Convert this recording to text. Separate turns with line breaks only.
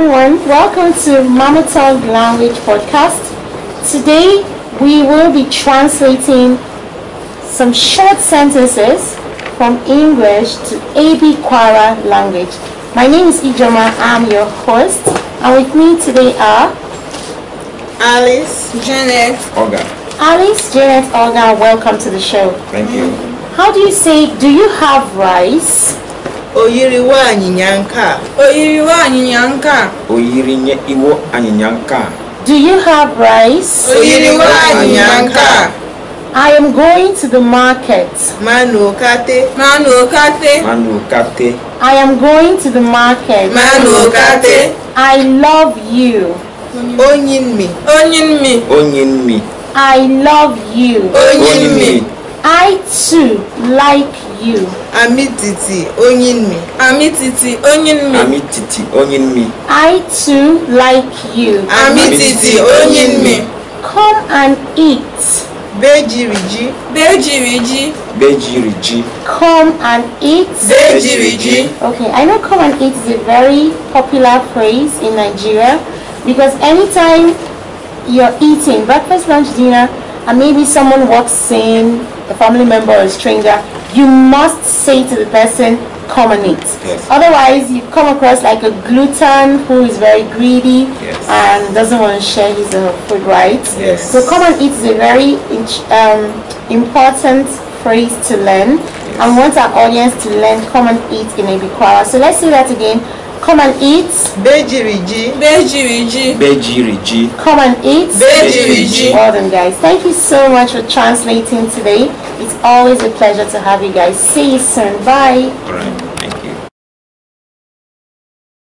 everyone. Welcome to Mama Tongue Language Podcast. Today we will be translating some short sentences from English to AB Kwara language. My name is Ijoma. I'm your host. And with me today are Alice, Janet, Olga. Alice, Janet, Olga, welcome to the show. Thank you. How do you say, do you have rice? oyiriwo anyịnya nka oyiriwo anyịnya nka oyirinye iwo anyịnya nka do you have rice oyiriwo anyịnya nka I am going to the market. Manukate. Manukate. Manukate. I am going to the market. Manukate. I love you. Onyinmi. Onyinmi. Onyinmi. I love you. Onyinmi. Onyinmi. like you. Amititi Onyinmi. Amititi Onyinmi. Amititi Onyinmi. I too like you. Amititi Onyinmi. Come and eat. Bejiriji. Bejiriji. Bejiriji. Come and eat. Bejiriji. Okay, I know come and eat is a very popular phrase in Nigeria because anytime you're eating breakfast, lunch, dinner, and maybe someone walks in a family member or a stranger, you must say to the person, come and eat. Yes. Otherwise, you come across like a glutton who is very greedy yes. and doesn't want to share his uh, food rights. Yes. So come and eat is a very um, important phrase to learn. Yes. I want our audience to learn come and eat in a Ibikwara. So let's do that again. Come and eat. Bejiriji. Bejiriji. Bejiriji. Come and eat. Bejiriji. Well done, guys. Thank you so much for translating today. It's always a pleasure to have you guys. See you soon. Bye.